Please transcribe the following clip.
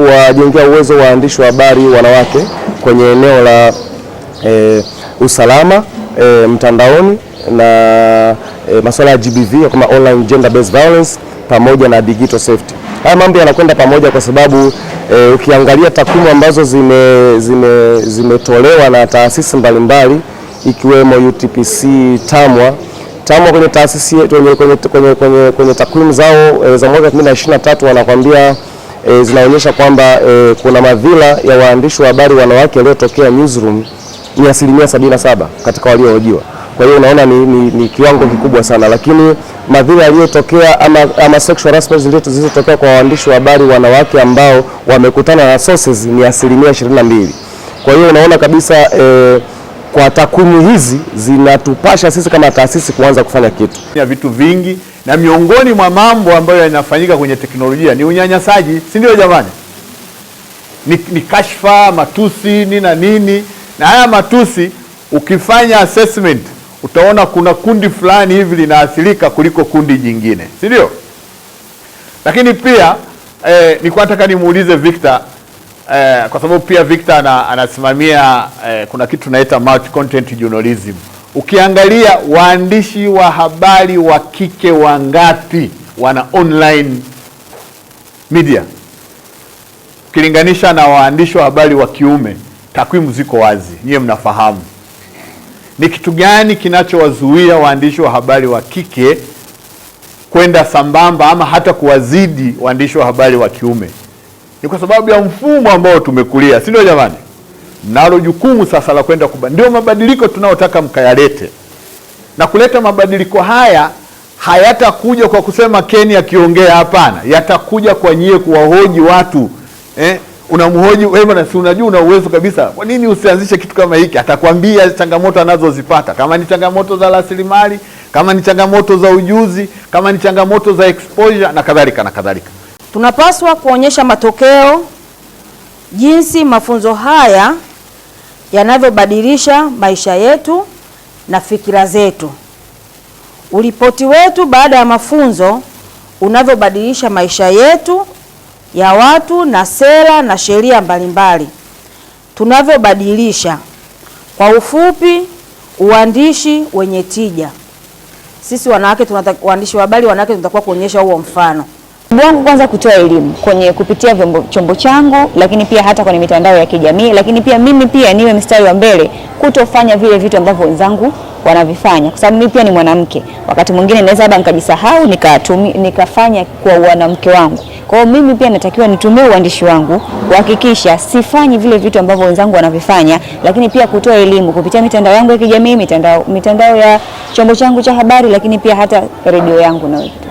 Kuwajengea uwezo waandishi wa habari wanawake kwenye eneo la e, usalama e, mtandaoni na e, masuala ya GBV kama online gender based violence pamoja na digital safety. Haya mambo yanakwenda pamoja kwa sababu e, ukiangalia takwimu ambazo zime, zime, zimetolewa na taasisi mbalimbali ikiwemo UTPC, TAMWA TAMWA kwenye taasisi kwenye, kwenye, kwenye, kwenye, kwenye takwimu zao e, za mwaka 2023 wanakwambia e, zinaonyesha kwamba e, kuna madhila ya waandishi wa habari wanawake waliotokea newsroom ni asilimia sabini na saba katika waliohojiwa. Kwa hiyo unaona ni, ni, ni kiwango kikubwa sana, lakini madhila yaliyotokea ama, ama sexual harassment zilizotokea kwa waandishi wa habari wanawake ambao wamekutana na sources ni asilimia ishirini na mbili. Kwa hiyo unaona kabisa e, kwa takwimu hizi zinatupasha sisi kama taasisi kuanza kufanya kitu. Ya vitu vingi na miongoni mwa mambo ambayo yanafanyika kwenye teknolojia ni unyanyasaji, si ndio jamani? Ni, ni kashfa, matusi ni na nini, na haya matusi ukifanya assessment utaona kuna kundi fulani hivi linaathirika kuliko kundi jingine, si ndio? Lakini pia eh, nilikuwa nataka nimuulize Victor eh, kwa sababu pia Victor anasimamia eh, kuna kitu tunaita multi content journalism Ukiangalia waandishi wa habari wa kike wangapi wana online media ukilinganisha na waandishi wa habari wa kiume, takwimu ziko wazi, nyiwe mnafahamu. Ni kitu gani kinachowazuia waandishi wa habari wa kike kwenda sambamba ama hata kuwazidi waandishi wa habari wa kiume? Ni kwa sababu ya mfumo ambao tumekulia, si ndio jamani? nalo jukumu sasa la kwenda kuba, ndio mabadiliko tunayotaka mkayalete, na kuleta mabadiliko haya hayatakuja kwa kusema Keni akiongea, hapana, yatakuja kwa nyie kuwahoji watu eh? Unamhoji wewe na si unajua, una uwezo kabisa, kwa nini usianzishe kitu kama hiki? Atakwambia changamoto anazozipata, kama ni changamoto za rasilimali, kama ni changamoto za ujuzi, kama ni changamoto za exposure na kadhalika na kadhalika. Tunapaswa kuonyesha matokeo jinsi mafunzo haya yanavyobadilisha maisha yetu na fikira zetu, uripoti wetu baada ya mafunzo unavyobadilisha maisha yetu ya watu na sera na sheria mbalimbali tunavyobadilisha. Kwa ufupi, uandishi wenye tija. Sisi wanawake, uandishi wa habari wanawake, tunatakiwa kuonyesha huo mfano wajibu wangu kwanza kutoa elimu kwenye kupitia vyombo, chombo changu, lakini pia hata kwenye mitandao ya kijamii, lakini pia mimi pia niwe mstari wa mbele kutofanya vile vitu ambavyo wenzangu wanavifanya kwa sababu mimi pia ni mwanamke. Wakati mwingine naweza labda nikajisahau nikatumi nikafanya kwa wanamke wangu. Kwa hiyo mimi pia natakiwa nitumie uandishi wangu kuhakikisha sifanyi vile vitu ambavyo wenzangu wanavifanya, lakini pia kutoa elimu kupitia mitandao yangu ya kijamii, mitandao mitandao ya chombo changu cha habari, lakini pia hata redio yangu na